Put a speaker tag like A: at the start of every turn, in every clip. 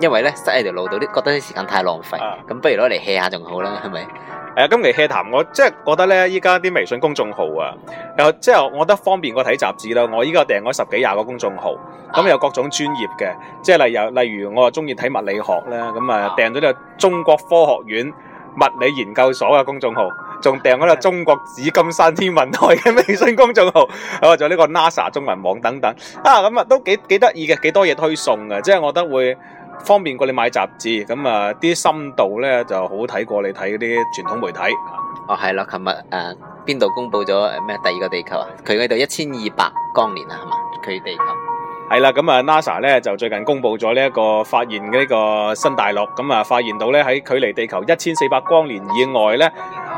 A: 因為咧，塞喺條路度啲，覺得啲時間太浪費，咁、啊、不如攞嚟 hea 下仲好啦，係咪？咁嚟 hea 談，我即係覺得咧，依家啲微信公眾號啊，
B: 又即係我覺得方便過睇雜誌啦。我依家訂咗十幾廿個公眾號，咁、啊、有各種專業嘅，即係例如例如我啊中意睇物理學啦，咁啊訂咗呢個中國科學院物理研究所嘅公眾號，仲訂咗呢個中國紫金山天文台嘅微信公眾號，啊，仲有呢個 NASA 中文網等等啊，咁啊都幾幾得意嘅，幾多嘢推送嘅，即係我覺得會。方便過你買雜誌咁啊！啲深度咧
A: 就好睇過你睇嗰啲傳統媒體哦，係啦，琴日誒邊度公布咗咩第二個地球啊？佢喺度一千二百光年啊，係嘛？佢地球係啦，咁啊，NASA
B: 咧就最近公布咗呢一個發現嘅呢個新大陸，咁啊發現到咧喺距離地球一千四百光年以外咧，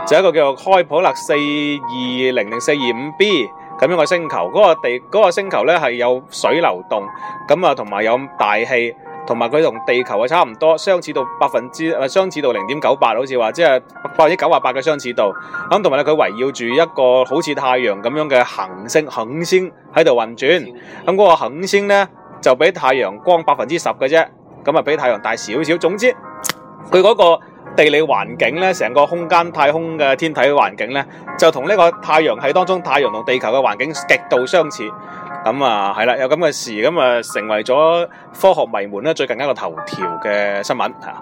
B: 就有一個叫做開普勒四二零零四二五 B 咁樣嘅星球，嗰個地、嗰個星球咧係有水流動，咁啊同埋有大氣。同埋佢同地球係差唔多，相似度百分之，啊相似度零點九八，好似話即係百分之九啊八嘅相似度。咁同埋咧，佢圍繞住一個好似太陽咁樣嘅行星恒星喺度運轉。咁、嗯、嗰、嗰個恒星咧就比太陽光百分之十嘅啫，咁啊比太陽大少少。總之，佢嗰個地理環境咧，成個空間太空嘅天體環境咧，就同呢個太陽系當中太陽同地球嘅環境極度相似。咁、嗯、啊，係啦，有咁嘅事，咁、嗯、啊，成為咗
A: 科學迷們咧最近一個頭條嘅新聞吓。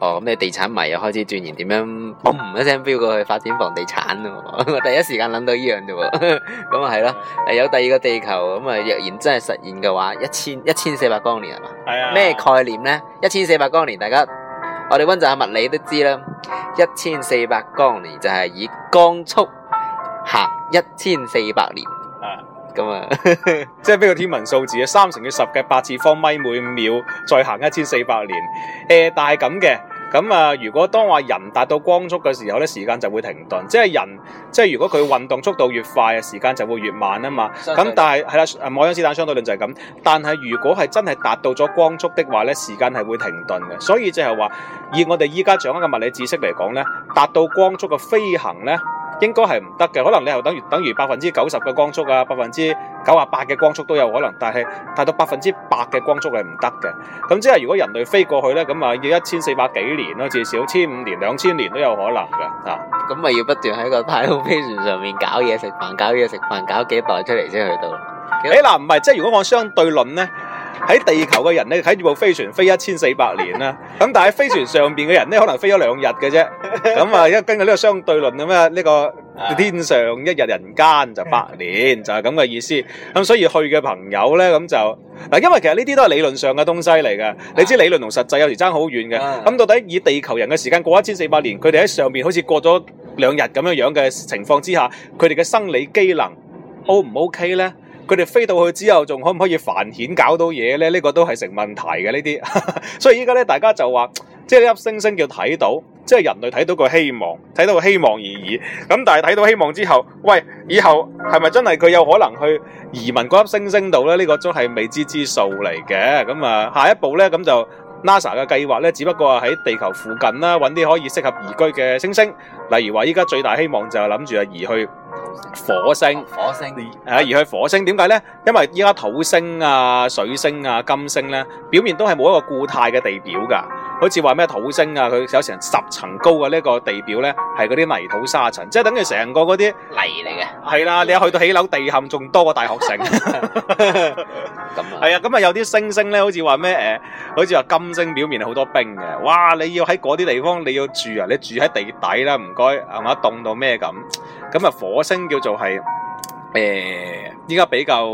A: 哦，咁你地產迷又開始鑽研點樣，嘣一聲飆過去發展房地產啊，我第一時間諗到呢樣啫喎。咁啊係咯，有第二個地球，咁、嗯、啊若然真係實現嘅話，一千一千四百光年係嘛？係啊。咩概念咧？一千四百光年，大家我哋温習下物理都知啦，一千四百光年就係以光速行一千四百年。咁啊，即係呢個天文數字啊？三乘以十嘅八次
B: 方米每秒，再行一千四百年。誒、呃，但係咁嘅，咁啊，如果當話人達到光速嘅時候咧，時間就會停頓。即係人，即係如果佢運動速度越快，時間就會越慢啊嘛。咁、嗯、但係係啦，愛因斯坦相對論就係咁。但係如果係真係達到咗光速的話咧，時間係會停頓嘅。所以即係話，以我哋依家掌握嘅物理知識嚟講咧，達到光速嘅飛行咧，應該係唔得嘅，可能你又等於等於百分之九十嘅光速啊，百分之九十八嘅光速都有可能，但係達到百分之百嘅光速係唔得嘅。咁即係如果人類飛過去咧，咁啊要一千四百幾年咯，至少千五
A: 年、兩千年都有可能嘅啊。咁咪要不斷喺個太空飛船上面搞嘢食飯，搞嘢食飯，搞幾代出嚟先去到。
B: 誒嗱，唔係，即係如果我相對論咧？喺地球嘅人咧，喺住部飛船飛一千四百年啦，咁 但係飛船上邊嘅人咧，可能飛咗兩日嘅啫。咁啊，因根據呢個相對論咁啊，呢、這個天上一日人間就百年，就係咁嘅意思。咁所以去嘅朋友咧，咁就嗱，因為其實呢啲都係理論上嘅東西嚟嘅。你知理論同實際有時爭好遠嘅。咁到底以地球人嘅時間過一千四百年，佢哋喺上邊好似過咗兩日咁樣樣嘅情況之下，佢哋嘅生理機能 O 唔 OK 咧？嗯佢哋飛到去之後，仲可唔可以繁衍搞到嘢咧？呢個都係成問題嘅呢啲。 所以依家咧，大家就話，即係呢粒星星叫睇到，即係人類睇到個希望，睇到個希望而已。咁但係睇到希望之後，喂，以後係咪真係佢有可能去移民嗰粒星星度咧？呢個都係未知之數嚟嘅。咁啊，下一步咧，咁就。NASA 嘅計劃咧，只不過啊喺地球附近啦，揾啲可以適合移居嘅星星。例如話，依家最大希望就係諗住啊移去火星，火星，啊移去火星。點解咧？因為依家土星啊、水星啊、金星咧，表面都係冇一個固態嘅地表噶。好似話咩土星啊，佢有成十層高嘅呢個地表咧，係嗰啲泥土沙塵，即係等於成個嗰啲
A: 泥嚟嘅。係啦、
B: 啊，你一去到起樓地陷仲多過大學城。咁 金啊，係 啊，咁啊有啲星星咧，好似話咩誒，好似話金星表面好多冰嘅。哇，你要喺嗰啲地方你要住啊，你住喺地底啦，唔該係嘛，凍到咩咁？咁啊火星叫做係。
A: 誒，依家比較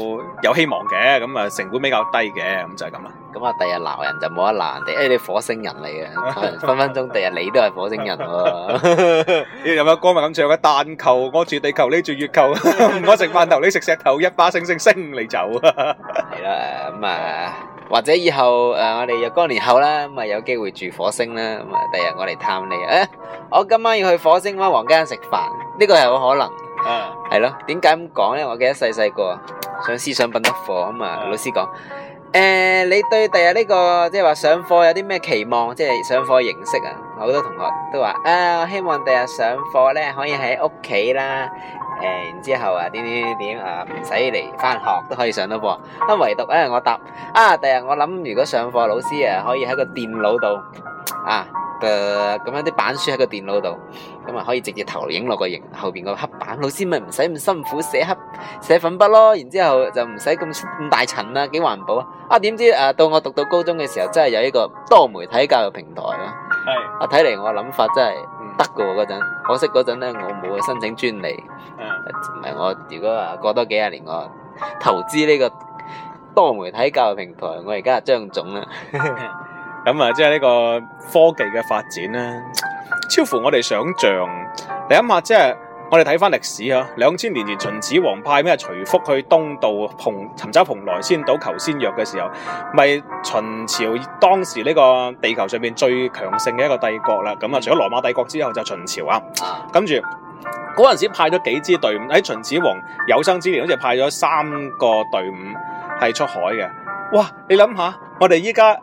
A: 有希望嘅，咁啊成本比較低嘅，咁就係咁啦。咁啊，第日鬧人就冇得鬧人哋，誒，你火星人嚟嘅，分分鐘第日你都係火星人
B: 喎。有冇歌咪咁唱嘅？但求我住地球，你住月球，
A: 我食飯頭，你食石頭，一巴星星星你走。係啊，咁啊，或者以後誒，我哋若干年後啦，咁啊有機會住火星啦，咁啊第日我嚟探你。誒，我今晚要去火星灣房間食飯，呢個有冇可能？嗯，係咯，點解咁講咧？我記得細細個上思想品德課啊嘛，老師講，誒，你對第日呢個即係話上課有啲咩期望？即係上課形式啊，好多同學都話啊，希望第日上課咧可以喺屋企啦，誒，然之後啊，點點點啊，唔使嚟翻學都可以上到課。啊，唯獨咧我答啊，第日我諗如果上課老師啊可以喺個電腦度啊。咁樣啲板書喺個電腦度，咁啊可以直接投影落個熒後邊個黑板，老師咪唔使咁辛苦寫黑寫粉筆咯，然之後就唔使咁咁大塵啦，幾環保啊！啊，點知啊，到我讀到高中嘅時候，真係有一個多媒體教育平台咯。係啊，睇嚟我諗法真係得噶喎，嗰、嗯、陣可惜嗰陣咧，我冇去申請專利。唔係我如果啊過多幾廿年，我投資呢個多媒體教育平台，我而家係張總啦。 咁啊，即係呢個科技嘅發展咧，
B: 超乎我哋想象。你諗下，即係我哋睇翻歷史啊。兩千年前秦始皇派咩徐福去東渡蓬尋找蓬萊仙島求仙藥嘅時候，咪秦朝當時呢個地球上面最強盛嘅一個帝國啦。咁啊，除咗羅馬帝國之後就秦朝啊。跟住嗰陣時派咗幾支隊伍喺秦始皇有生之年，好似派咗三個隊伍係出海嘅。哇，你諗下，我哋依家。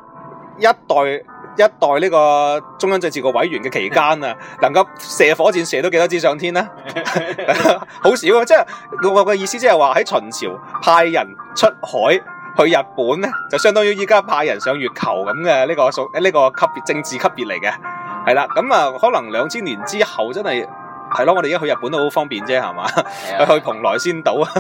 B: 一代一代呢個中央政治局委員嘅期間啊， 能夠射火箭射到幾多支上天咧？ 好少啊！即係我嘅意思，即係話喺秦朝派人出海去日本咧，就相當於依家派人上月球咁嘅呢個數、呢個級別、政治級別嚟嘅。係啦，咁啊，可能兩千年之後真係係咯，我哋而家去日本都好方便啫，係嘛？ 去蓬萊萊仙島啊！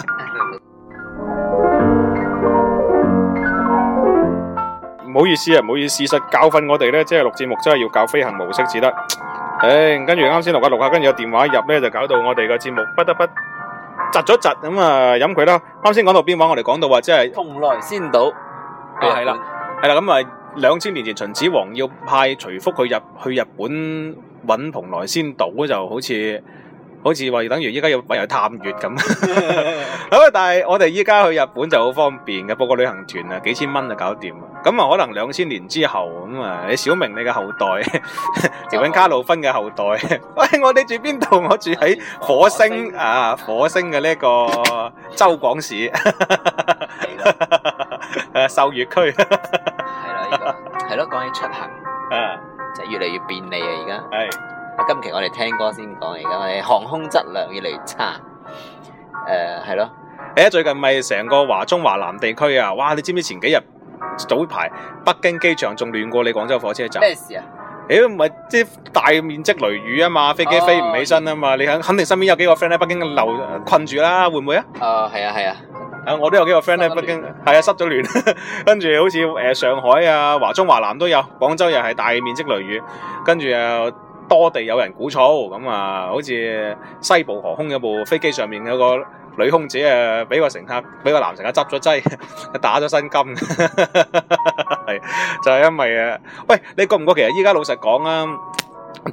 B: 唔好意思啊，唔好意思，事實教訓我哋咧，即係錄節目真係要教飛行模式至得。誒，跟住啱先錄下錄下，跟住有電話入咧，就搞到我哋嘅節目不得不窒咗窒咁啊，飲佢啦。啱先講到邊話？我哋講到話即係蓬萊仙島，係啦，係啦。咁啊，兩千年前秦始皇要派徐福去日去日本揾蓬萊仙島，就好似。好似話要等於依家要唯有探月咁，咁但係我哋依家去日本就好方便嘅，報個旅行團啊，幾千蚊就搞掂。咁啊，可能兩千年之後咁啊，你小明你嘅後代，調 w 卡路芬嘅後代，喂、哎，我哋住邊度？我住喺火星，火星啊，火星嘅呢個
A: 州廣市，誒 越區，秀月區，係、這、咯、個。而家，係咯，講起出行，誒，就是、越嚟越便利啊，而家係。今期我哋聽歌先講，而家我哋航空質量越嚟越差，誒
B: 係咯，誒，最近咪成個華中華南地區啊，哇你知唔知前幾日早排北京機場仲亂過你廣州火車站咩
A: 事啊？
B: 妖唔係即係大面積雷雨啊嘛，飛機飛唔起身啊嘛，哦、你肯肯定身邊有幾個 friend 喺北京留、嗯、困住啦、啊，會唔會啊？
A: 啊係啊係啊，
B: 啊我都有幾個 friend 喺北京，係啊失咗亂跟住 好似誒上海啊華中華南都有，廣州又係大面積雷雨，跟住又。多地有人鼓噪，咁啊，好似西部航空有部飛機上面有個女空姐啊，俾個乘客，俾個男生、啊、乘客執咗劑，打咗新金，係 就係、是、因為啊，喂，你覺唔覺其實依家老實講啊，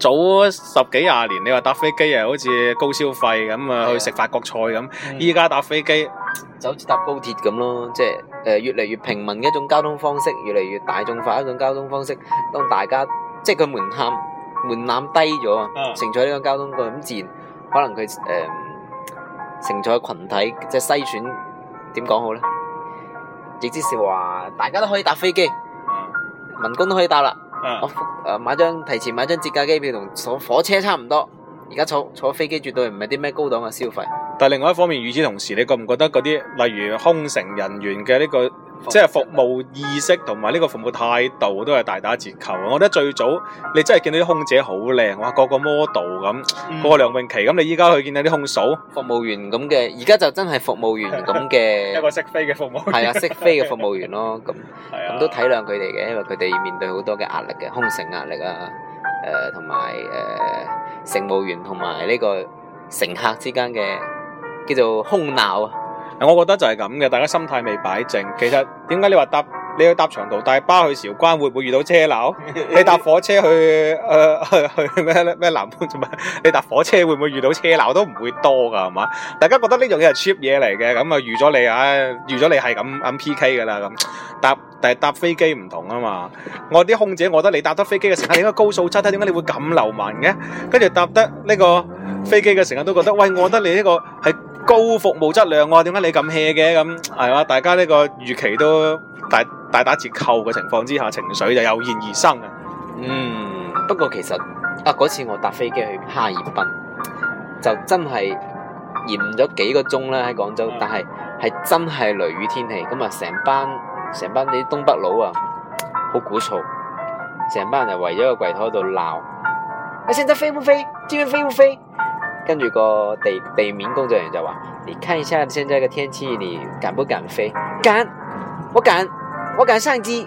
B: 早十幾廿年你話搭飛機啊，好似高消費咁啊，去食法國菜咁，依
A: 家搭飛機就好似搭高鐵咁咯，即係誒越嚟越平民嘅一種交通方式，越嚟越大眾化嘅一種交通方式，當大家即係個門檻。門檻低咗啊！乘坐呢個交通工具咁自然，可能佢誒、呃、乘坐群體即係篩選點講好咧？亦即是話，大家都可以搭飛機，uh -huh. 民工都可以搭啦。Uh -huh. 我誒買張提前買張折價機票同坐火車差唔多，而家坐坐飛機絕對唔係啲咩高檔嘅消費。
B: 但係另外一方面，與此同時，你覺唔覺得嗰啲例如空乘人員嘅呢、這個？即係服務意識同埋呢個服務態度都係大打折扣。我覺得最早你真係見到啲空姐好靚，哇，個個 model 咁，嗯、個梁詠琪咁。你而家去見到啲空嫂、服務員咁嘅，而家
A: 就真係服務員咁嘅， 一個
B: 識飛嘅服務員，係啊，識飛嘅服
A: 務員咯。咁咁 都體諒佢哋嘅，因為佢哋面對好多嘅壓力嘅，空乘壓力啊，誒、呃，同埋誒，乘務員同埋呢個乘客之間嘅叫做空
B: 鬧啊。我覺得就係咁嘅，大家心態未擺正。其實點解你話搭你去搭長途大巴去韶關會唔會遇到車流？ 你搭火車去誒、呃、去去咩咩南盤做你搭火車會唔會遇到車流都唔會多噶，係嘛？大家覺得呢樣嘢係 cheap 嘢嚟嘅，咁啊預咗你，唉，預咗你係咁咁 PK 噶啦咁。搭但係搭飛機唔同啊嘛。我啲空姐我覺得你搭得飛機嘅時候應該高素質，點解你會咁流氓嘅？跟住搭得呢個飛機嘅時候都覺得，喂，我覺得你呢個係。高服務質量、啊，我話點解你咁 hea 嘅咁，係嘛？大家呢個預期都大大打折
A: 扣嘅情況之下，情緒就油然而生啊、嗯。嗯，不過其實啊，嗰次我搭飛機去哈爾濱，就真係延咗幾個鐘啦喺廣州，嗯、但係係真係雷雨天氣，咁啊成班成班啲東北佬啊，好鼓噪，成班人就圍咗個櫃台度鬧。啊現在飛不飛？這邊飛不飛？跟住個地地面工作人員就話，你看一下現在個天氣，你敢不敢飛？敢，我敢，我敢上機。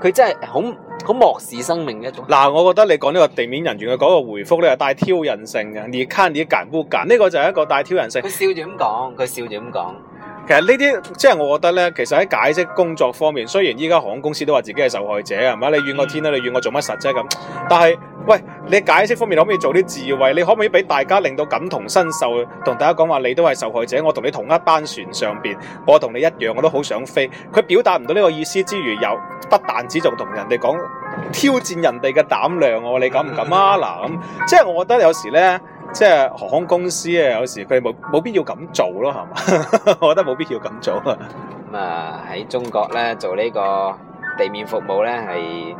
A: 佢真係好好漠視生命一種。嗱，我覺得你講呢個地面人員嘅嗰個
B: 回覆咧，係帶挑釁性嘅。你看你敢不敢，呢個就係一個帶挑釁性。佢
A: 笑住咁講，
B: 佢笑住咁講。其實呢啲即係我覺得咧，其實喺解釋工作方面，雖然依家航空公司都話自己係受害者啊，係咪？你怨個天啦，你怨我做乜實啫咁？但係喂，你解釋方面可唔可以做啲智慧？你可唔可以俾大家令到感同身受？同大家講話你都係受害者，我同你同一班船上邊，我同你一樣，我都好想飛。佢表達唔到呢個意思之餘，又不但止仲同人哋講挑戰人哋嘅膽量，我你敢唔敢啊？嗱，即係我覺得有時咧。即係航空公司啊，有時佢冇冇必要咁做咯，係嘛？
A: 我覺得冇必要咁做啊。咁啊喺中國咧做呢個地面服務咧係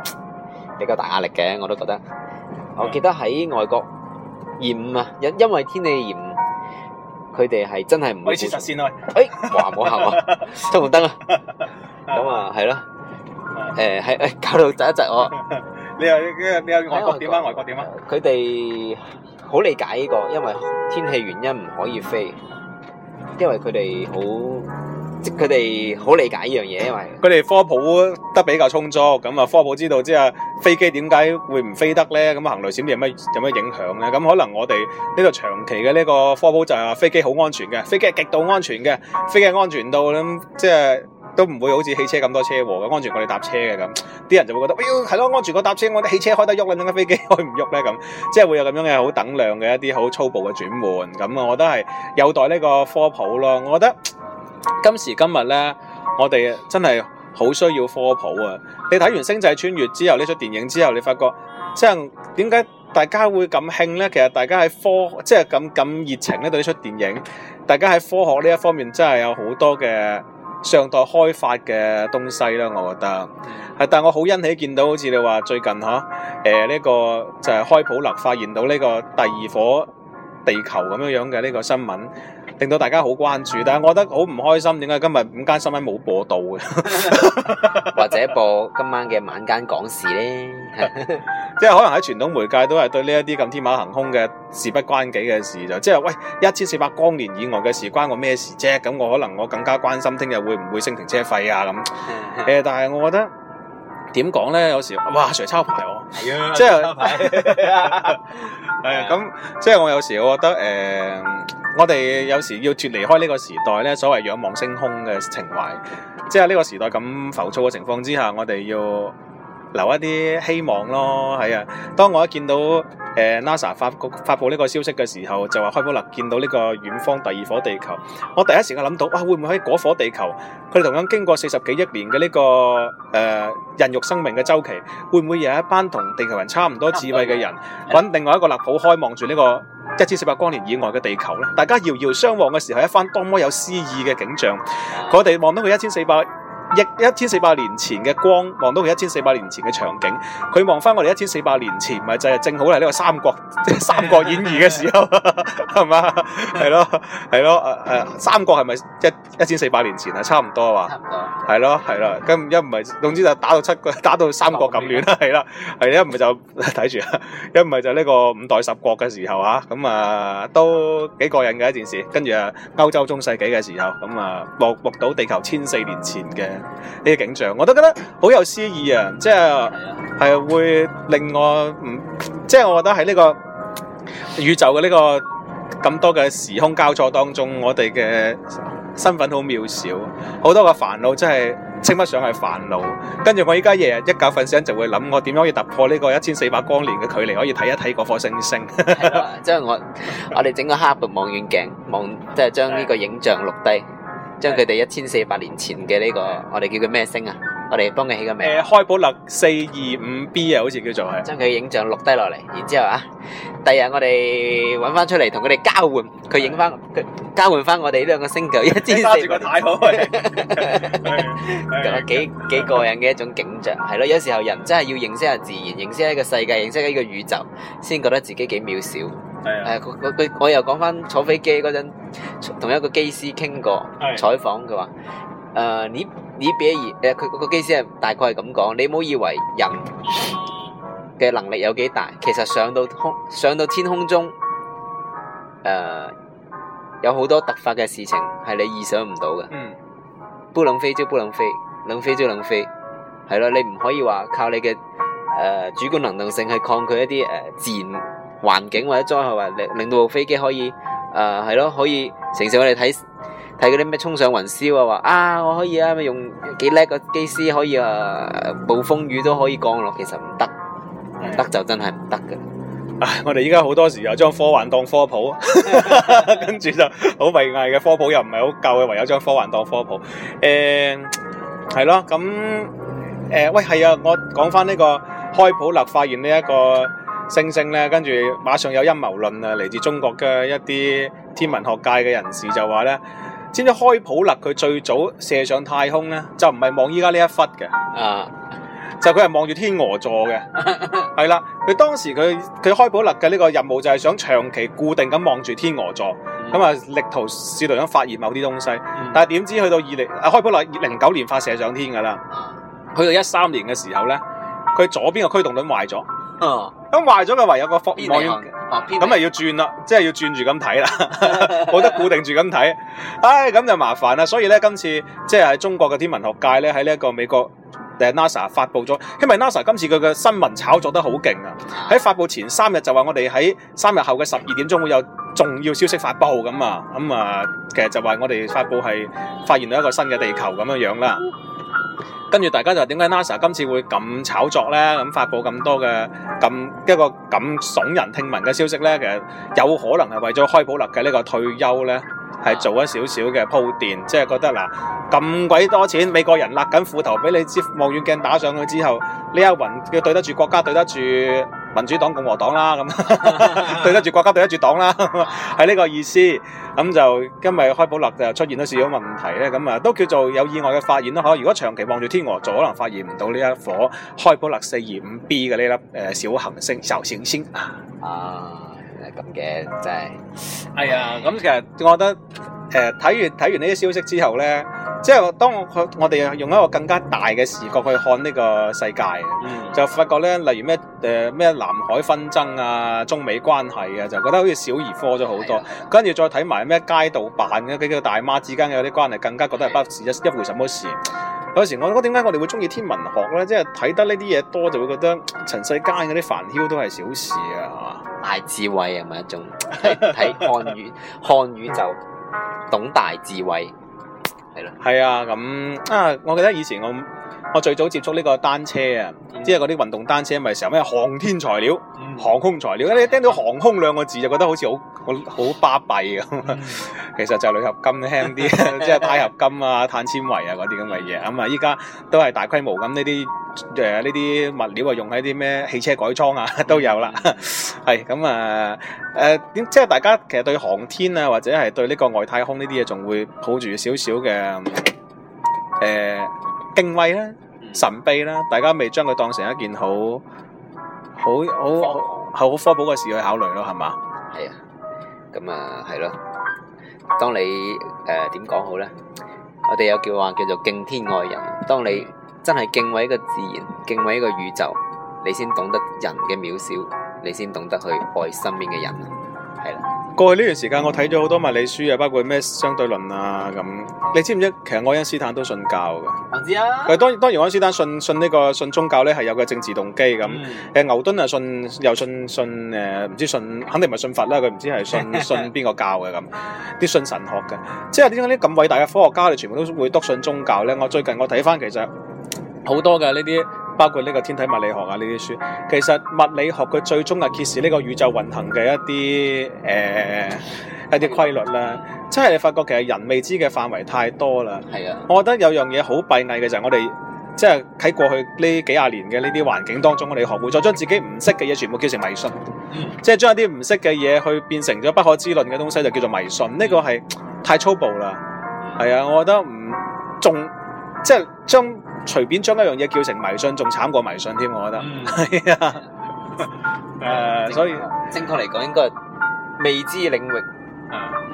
A: 比較大壓力嘅，我都覺得。我記得喺外國嚴啊，因因為天氣嚴，佢哋係真係唔會。每次實
B: 現啊！哎，
A: 話唔好行啊？出紅燈啊！
B: 咁啊
A: 係咯。誒係誒搞到窒一窒我。你又
B: 你又外國點啊？外國點
A: 啊？佢哋。好理解呢個，因為天氣原因唔可以飛，因為佢哋好，即佢哋好理解呢樣嘢，因為佢哋科普得
B: 比較充足，咁啊科普知道即係飛機點解會唔飛得咧，咁行雷閃電有咩有咩影響咧？咁可能我哋呢度長期嘅呢個科普就係話飛機好安全嘅，飛機係極度安全嘅，飛機係安全到咁即係，都唔會好似汽車咁多車禍，安全過你，我哋搭車嘅咁，啲人就會覺得，哎喲，係咯，安全過搭車，我啲汽車開得喐啦，點解飛機開唔喐咧？咁即係會有咁樣嘅好等量嘅一啲好粗暴嘅轉換。咁我覺得係有待呢個科普咯。我覺得,我覺得今時今日咧，我哋真係好需要科普啊！你睇完《星際穿越》之後呢出電影之後，你發覺即係點解大家會咁興咧？其實大家喺科即係咁咁熱情咧對呢出電影，大家喺科學呢一方面真係有好多嘅。上代開發嘅東西啦，我覺得係，但係我好欣喜見到，好似你話最近呵，呢、呃呢個就係開普勒發現到呢個第二顆地球咁樣樣嘅呢個新聞。令到大家好關注，但係我覺得好唔開心。點解今日午間新聞冇播到？嘅？ 或者播今晚嘅晚間講事咧？ 即係可能喺傳統媒介都係對呢一啲咁天馬行空嘅事不關己嘅事，就即係喂一千四百光年以外嘅事關我咩事啫？咁我可能我更加關心聽日會唔會升停車費啊咁。誒， 但係我覺得點講咧？有時候哇，誰抄牌我？係 啊，即、就、係、是。
A: 係
B: 啊，咁 即係我有時候我覺得誒。Uh, 我哋有時要脫離開呢個時代呢所謂仰望星空嘅情懷，即係呢個時代咁浮躁嘅情況之下，我哋要留一啲希望咯。係啊，當我一見到、呃、NASA 發發佈呢個消息嘅時候，就話開普勒見到呢個遠方第二顆地球，我第一時間我諗到啊，會唔會喺嗰顆地球，佢哋同樣經過四十幾億年嘅呢、這個誒、呃、孕育生命嘅周期，會唔會有一班同地球人差唔多智慧嘅人，揾另外一個勒普開望住呢、這個？一千四百光年以外嘅地球咧，大家遙遙相望嘅時候，一番多麼有詩意嘅景象。我哋望到佢一千四百。一千四百年前嘅光，望到佢一千四百年前嘅場景，佢望翻我哋一千四百年前，咪就係、是、正好係呢個三國，即係三國演義嘅時候，係 嘛？ 係咯，係咯，誒誒，三國係咪一一千四百年前啊？差唔多啊？差唔多。係咯，係咯，咁一唔係，總之就打到七個，打到三國咁亂啦，係啦，係一唔係就睇住，一唔係就呢個五代十國嘅時候啊，咁啊都幾過癮嘅一件事。跟住啊，歐洲中世紀嘅時候，咁啊，目目到地球千四年前嘅。 呢、這個景象，我都覺得好有詩意啊！即係係會令我唔即係，我覺得喺呢個宇宙嘅呢個咁多嘅時空交錯當中，我哋嘅身份好渺小，好多嘅煩惱真係稱不上係煩惱。跟住我依家日日一覺瞓醒，就會諗我點樣可以突破呢個一千四百光年嘅距離，可以睇一睇嗰顆星
A: 星。即係我 我哋整個哈勃望遠鏡望，即係、就是、將呢個影像錄低。將佢哋一千四百年前嘅呢個，我哋叫佢咩星啊？我哋幫佢起個名。誒，開普勒四二五 B 啊，好似叫做係。將佢影像錄低落嚟，然之後啊，第日我哋搵翻出嚟同佢哋交換，佢影翻，佢交換翻我哋呢兩個星球一千四。揸住個大海。咁 啊， 幾幾過癮嘅一種景象，係咯。有時候人真係要認識下自然，認識一個世界，認識一個宇宙，先覺得自己幾渺小。係、哎、啊，誒、哎，我、佢，我又講翻坐飛機嗰陣，同一個機師傾過採訪，佢話：誒、呃，你你比如誒，佢、呃那個機師係大概係咁講，你唔好以為人嘅能力有幾大，其實上到空上到天空中，誒、呃，有好多突發嘅事情係你意想唔到嘅。嗯，不能飛就不能飛，能飛就能飛，係啦，你唔可以話靠你嘅誒、呃、主觀能動性去抗拒一啲誒、呃、自然。環境或者災害，話令令到部飛機可以誒係咯，可以承受我哋睇睇嗰啲咩衝上雲霄啊話啊我可以啊，咪用幾叻個機師可以啊，暴風雨都可以降落，其實唔得，唔得就真係唔得嘅。我哋依
B: 家好多時有將科幻當科普， 跟住就好文藝嘅科普又唔係好夠嘅，唯有將科幻當科普。誒係咯，咁誒、uh, 喂係啊，我講翻呢個開普勒發現呢一個。星星咧，跟住馬上有陰謀論啊！嚟自中國嘅一啲天文學界嘅人士就話咧，知唔知開普勒佢最早射上太空咧，就唔係望依家呢一忽嘅啊，就佢係望住天鵝座嘅，係 啦，佢當時佢佢開普勒嘅呢個任務就係想長期固定咁望住天鵝座，咁、嗯、啊力圖試圖想發現某啲東西，嗯、但係點知去到二零啊普勒零九年發射上天噶啦，去到一三年嘅時候咧，佢左邊個驅動輪壞咗咁壞咗嘅唯有個覆，咁咪要轉啦，即係要轉住咁睇啦，冇 得 固定住咁睇，唉，咁就麻煩啦。所以咧，今次即係喺中國嘅天文學界咧，喺呢一個美國誒 NASA 發布咗，因為 NASA 今次佢嘅新聞炒作得好勁啊。喺發布前三日就話我哋喺三日後嘅十二點鐘會有重要消息發布咁啊，咁啊，其實就話我哋發布係發現到一個新嘅地球咁樣樣啦。跟住大家就話點解 NASA 今次會咁炒作咧，咁發布咁多嘅咁一個咁聳人聽聞嘅消息咧？其實有可能係為咗開普勒嘅呢個退休咧。係做一少少嘅鋪墊，即係覺得嗱，咁、啊、鬼多錢，美國人勒緊褲頭俾你支望遠鏡打上去之後，呢一輪要對得住國家，對得住民主黨、共和黨啦，咁 對得住國家，對得住黨啦，係 呢個意思。咁就今日開普勒就出現咗少少問題咧，咁啊都叫做有意外嘅發現咯。如果長期望住天鵝座，可能發現唔到呢一火開普勒四二五 B 嘅呢粒誒小行星小行星啊啊！Uh...
A: 係咁嘅，真
B: 係係啊！咁、哎、其實我覺得，誒、呃，睇完睇完呢啲消息之後咧，即係當我我哋用一個更加大嘅視角去看呢個世界，嗯、就發覺咧，例如咩誒咩南海紛爭啊、中美關係啊，就覺得好似小兒科咗好多。跟住、啊、再睇埋咩街道辦嘅幾個大媽之間嘅啲關係，更加覺得係不事一、啊、一回什麼事、啊。有時我覺得點解我哋會中意天文學咧？即係睇得呢啲嘢多，就會覺得塵世間嗰啲煩囂都係小事啊！
A: 大智慧啊，嘛一種
B: 睇漢語， 漢語就懂大智慧，係咯。係啊，咁啊，我記得以前我我最早接觸呢個單車啊，即係嗰啲運動單車，咪成日咩航天材料、嗯、航空材料，你一聽到航空兩個字就覺得好似、嗯、好。好好巴閉啊，其實就鋁合金輕啲，即係鈦合金啊、碳纖維啊嗰啲咁嘅嘢。咁啊依家都係大規模咁呢啲誒呢啲物料啊用喺啲咩汽車改裝啊都有啦，係咁啊誒，即係大家其實對航天啊或者係對呢個外太空呢啲嘢仲會抱住少少嘅誒敬畏啦、啊、神秘啦、啊，大家未將佢當成一件好好好好科普嘅事去考慮
A: 咯，係嘛？係啊。咁、嗯、啊，係咯。當你誒點講好咧？我哋有句話叫做敬天愛人。當你真係敬畏一個自然，敬畏一個宇宙，你先懂得人嘅渺小，你先懂得去愛身邊嘅人。
B: 過去呢段時間，我睇咗好多物理書啊，包括咩相對論啊咁。你知唔知？其實愛因斯坦都信教嘅。
A: 唔知
B: 啊。誒，當當然愛因斯坦信信呢個信宗教咧，係有個政治動機咁。誒，嗯、牛頓啊信又信信誒，唔知信肯定唔係信佛啦，佢唔知係信信邊個教嘅咁，啲信神學嘅。 即係點解啲咁偉大嘅科學家，你全部都會篤信宗教咧？我最近我睇翻，其實好多嘅呢啲。包括呢個天體物理學啊，呢啲書其實物理學佢最終係揭示呢個宇宙運行嘅一啲誒、呃、一啲規律啦。即係你發覺其實人未知嘅範圍太多啦。係啊，我覺得有樣嘢好閉翳嘅就係、是、我哋即係喺過去呢幾廿年嘅呢啲環境當中，我哋學會咗將自己唔識嘅嘢全部叫成迷信。即係將一啲唔識嘅嘢去變成咗不可知論嘅東西，就叫做迷信。呢、嗯這個係太粗暴啦。係啊，我覺得唔仲即係將。隨便將一樣嘢叫成迷信，仲慘過迷信添，我覺得。嗯， 係
A: 啊。誒，所以，正確嚟講，來應該係未知領域，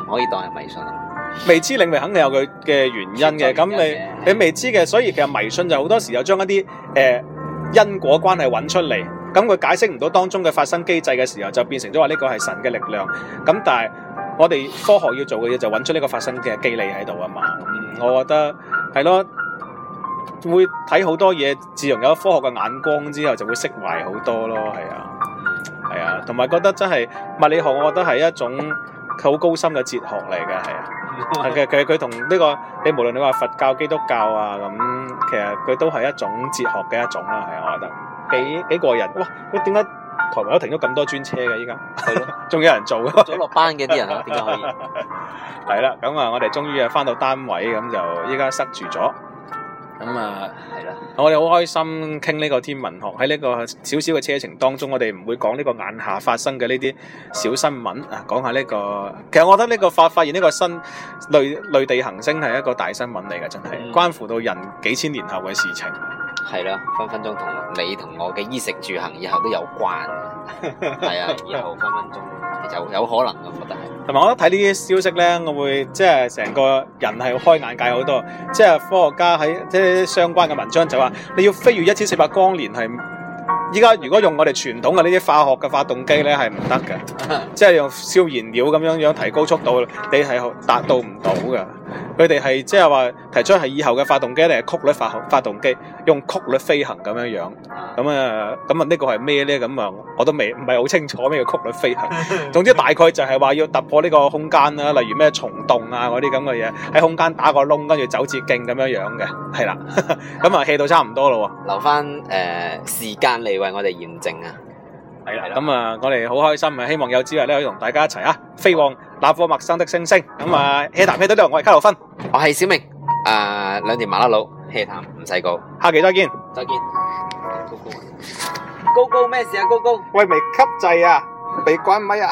A: 唔可以當係迷信、嗯、係迷信。
B: 未知領域肯定有佢嘅原因嘅，咁你的你，你未知嘅，所以其實迷信就好多時候將一啲誒、嗯、因果關係揾出嚟，咁、嗯、佢解釋唔到當中嘅發生機制嘅時候，就變成咗話呢個係神嘅力量。咁但係我哋科學要做嘅嘢就揾出呢個發生嘅機理喺度啊嘛。嗯，嗯我覺得係咯。會睇好多嘢，自從有科學嘅眼光之後，就會釋懷好多咯，係啊，係啊，同埋覺得真係物理學，我覺得係一種好高深嘅哲學嚟嘅，係啊，其實佢同呢個你無論你話佛教、基督教啊咁，其實佢都係一種哲學嘅一種啦，係啊，我覺得幾幾過癮。哇，點解台灣都停咗咁多專車嘅？依家係咯，仲 有人做嘅。仲 落班嘅啲人啊？點解可以？係啦，咁啊，我哋終於啊翻到單位，咁就依家塞住咗。咁啊，係啦、啊啊！我哋好開心傾呢個天文學喺呢個少少嘅車程當中，我哋唔會講呢個眼下發生嘅呢啲小新聞啊，講下呢、呢個，其實我覺得呢個發發現呢個新類類地行星係一個大新聞嚟嘅，真係關乎到人幾千年後嘅事情。係啦、啊，分
A: 分鐘同你同我嘅衣食住行以後都有關，係 啊，以後分分鐘。有有可能我覺得係同埋我睇呢啲消息咧，我會即係成個人
B: 係開眼界好多，即係科學家喺即係相關嘅文章就話，你要飛越一千四百光年係。依家，如果用我哋傳統嘅呢啲化學嘅發動機咧，係唔得嘅， 即係用燒燃料咁樣樣提高速度，你係達到唔到嘅。佢哋係即係話提出係以後嘅發動機定係曲率發發動機，用曲率飛行咁樣樣。咁啊，咁、呃、啊呢個係咩咧？咁啊，我都未唔係好清楚咩叫曲率飛行。總之大概就係話要突破呢個空間啦，例如咩蟲洞啊嗰啲咁嘅嘢，喺空
A: 間打個窿，跟住走捷徑咁樣 樣嘅，係啦。咁啊氣到差唔多咯，留翻，誒、呃、時間嚟，為我哋驗證啊，係
B: 啦，咁啊，我哋好開心啊，希望有朝一日咧可以同大家一齊啊，飛往那顆陌生的星星。咁啊，氣彈飛得都係我係卡羅芬，
A: 我係小明，誒，兩條馬拉佬，氣彈唔使告，下期再見，再見。高高啊，高高咩事啊？高高，喂，未吸滯啊，未關咪啊。